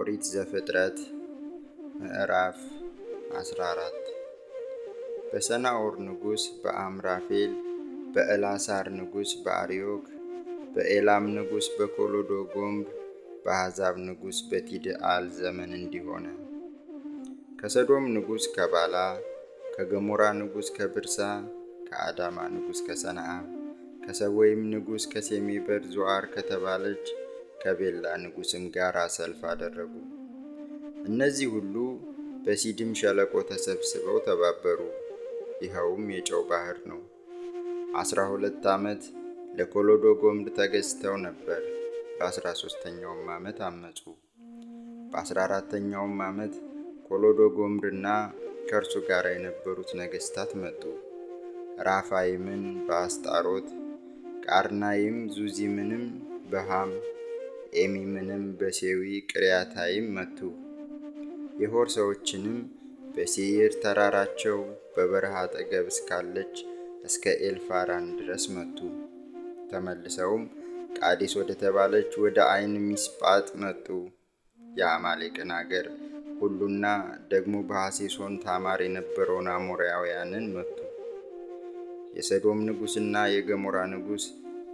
ኦሪት ዘፍጥረት ምዕራፍ 14 በሰናኦር ንጉሥ በአምራፌል በእላሳር ንጉሥ በአርዮክ በኤላም ንጉሥ በኮሎዶ ጎምብ በአሕዛብ ንጉሥ በቲድአል ዘመን እንዲሆነ ከሰዶም ንጉሥ ከባላ ከገሞራ ንጉሥ ከብርሳ ከአዳማ ንጉሥ ከሰነአ ከሰወይም ንጉሥ ከሴሜበር ዙዋር ከተባለች ከቤላ ንጉስም ጋር ሰልፍ አደረጉ። እነዚህ ሁሉ በሲድም ሸለቆ ተሰብስበው ተባበሩ። ይኸውም የጨው ባህር ነው። አስራ ሁለት ዓመት ለኮሎዶ ጎምድ ተገዝተው ነበር። በአስራ ሦስተኛውም ዓመት አመፁ። በአስራ አራተኛውም ዓመት ኮሎዶ ጎምድና ከእርሱ ጋር የነበሩት ነገሥታት መጡ። ራፋይምን በአስጣሮት ቃርናይም ዙዚምንም በሃም ኤሚምንም በሴዊ ቅሪያታይም መቱ። የሆር ሰዎችንም በሴይር ተራራቸው በበረሃ አጠገብ እስካለች እስከ ኤልፋራን ድረስ መቱ። ተመልሰውም ቃዲስ ወደ ተባለች ወደ አይን ሚስጳጥ መጡ። የአማሌቅን አገር ሁሉና ደግሞ በሐሴሶን ታማር የነበረውን አሞራውያንን መቱ። የሰዶም ንጉሥና የገሞራ ንጉሥ፣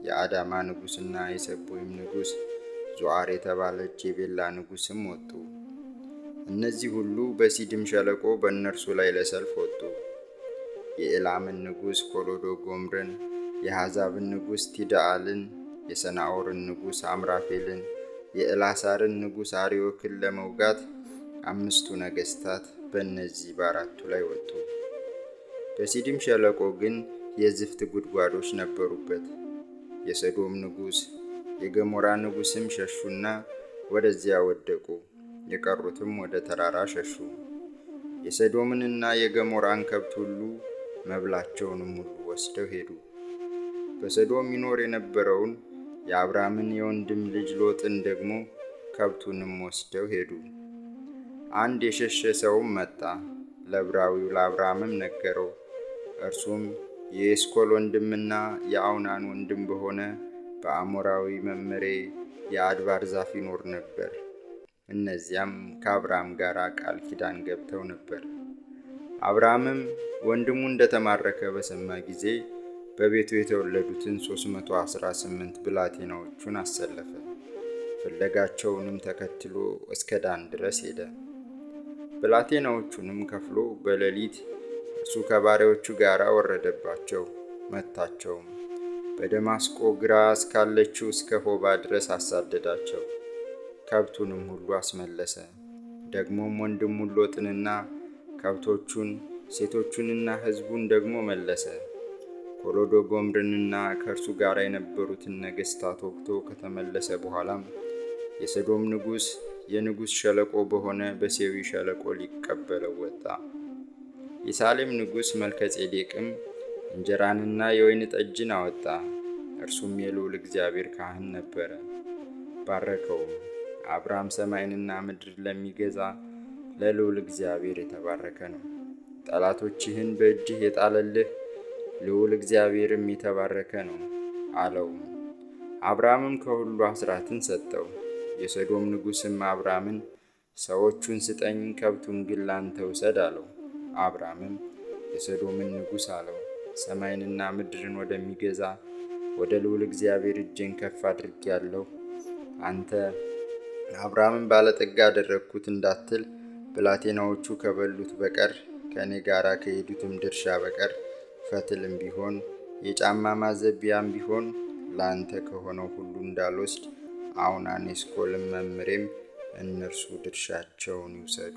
የአዳማ ንጉሥና የሰቦይም ንጉሥ ዙዓር የተባለች የቤላ ንጉሥም ወጡ። እነዚህ ሁሉ በሲድም ሸለቆ በእነርሱ ላይ ለሰልፍ ወጡ። የኤላምን ንጉሥ ኮሎዶ ጎምርን፣ የሐዛብን ንጉሥ ቲዳአልን፣ የሰናኦርን ንጉሥ አምራፌልን፣ የእላሳርን ንጉሥ አሪዮክን ለመውጋት አምስቱ ነገሥታት በእነዚህ በአራቱ ላይ ወጡ። በሲድም ሸለቆ ግን የዝፍት ጉድጓዶች ነበሩበት። የሰዶም ንጉሥ የገሞራ ንጉስም ሸሹና ወደዚያ ወደቁ። የቀሩትም ወደ ተራራ ሸሹ። የሰዶምንና የገሞራን ከብት ሁሉ መብላቸውንም ሁሉ ወስደው ሄዱ። በሰዶም ይኖር የነበረውን የአብርሃምን የወንድም ልጅ ሎጥን ደግሞ ከብቱንም ወስደው ሄዱ። አንድ የሸሸ ሰውም መጣ፣ ለብራዊው ለአብርሃምም ነገረው። እርሱም የኤስኮል ወንድምና የአውናን ወንድም በሆነ በአሞራዊ መምሬ የአድባር ዛፍ ይኖር ነበር። እነዚያም ከአብርሃም ጋር ቃል ኪዳን ገብተው ነበር። አብርሃምም ወንድሙ እንደተማረከ በሰማ ጊዜ በቤቱ የተወለዱትን 318 ብላቴናዎቹን አሰለፈ። ፍለጋቸውንም ተከትሎ እስከ ዳን ድረስ ሄደ። ብላቴናዎቹንም ከፍሎ በሌሊት እርሱ ከባሪያዎቹ ጋር ወረደባቸው፣ መታቸውም። በደማስቆ ግራ እስካለችው እስከ ሆባ ድረስ አሳደዳቸው። ከብቱንም ሁሉ አስመለሰ። ደግሞም ወንድም ሎጥንና ከብቶቹን ሴቶቹንና ሕዝቡን ደግሞ መለሰ። ኮሎዶ ጎምርንና ከእርሱ ጋር የነበሩትን ነገሥታት ወግቶ ከተመለሰ በኋላም የሰዶም ንጉሥ የንጉሥ ሸለቆ በሆነ በሴዊ ሸለቆ ሊቀበለው ወጣ። የሳሌም ንጉሥ መልከጼዴቅም እንጀራንና የወይን ጠጅን አወጣ። እርሱም የልዑል እግዚአብሔር ካህን ነበረ። ባረከው አብርሃም ሰማይንና ምድር ለሚገዛ ለልዑል እግዚአብሔር የተባረከ ነው። ጠላቶችህን በእጅህ የጣለልህ ልዑል እግዚአብሔርም የተባረከ ነው አለው አብርሃምም ከሁሉ አስራትን ሰጠው። የሰዶም ንጉሥም አብርሃምን ሰዎቹን ስጠኝ፣ ከብቱን ግን ላንተ ውሰድ አለው። አብርሃምም የሰዶምን ንጉሥ አለው ሰማይንና ምድርን ወደሚገዛ ወደ ልዑል እግዚአብሔር እጄን ከፍ ያለው አንተ አብርሃምን ባለጠጋ አደረግኩት እንዳትል ብላቴናዎቹ ከበሉት በቀር ከእኔ ጋር ከሄዱትም ድርሻ በቀር ፈትልም ቢሆን የጫማ ማዘቢያም ቢሆን ለአንተ ከሆነው ሁሉ እንዳልወስድ አሁን አኔስኮልም መምሬም እነርሱ ድርሻቸውን ይውሰዱ።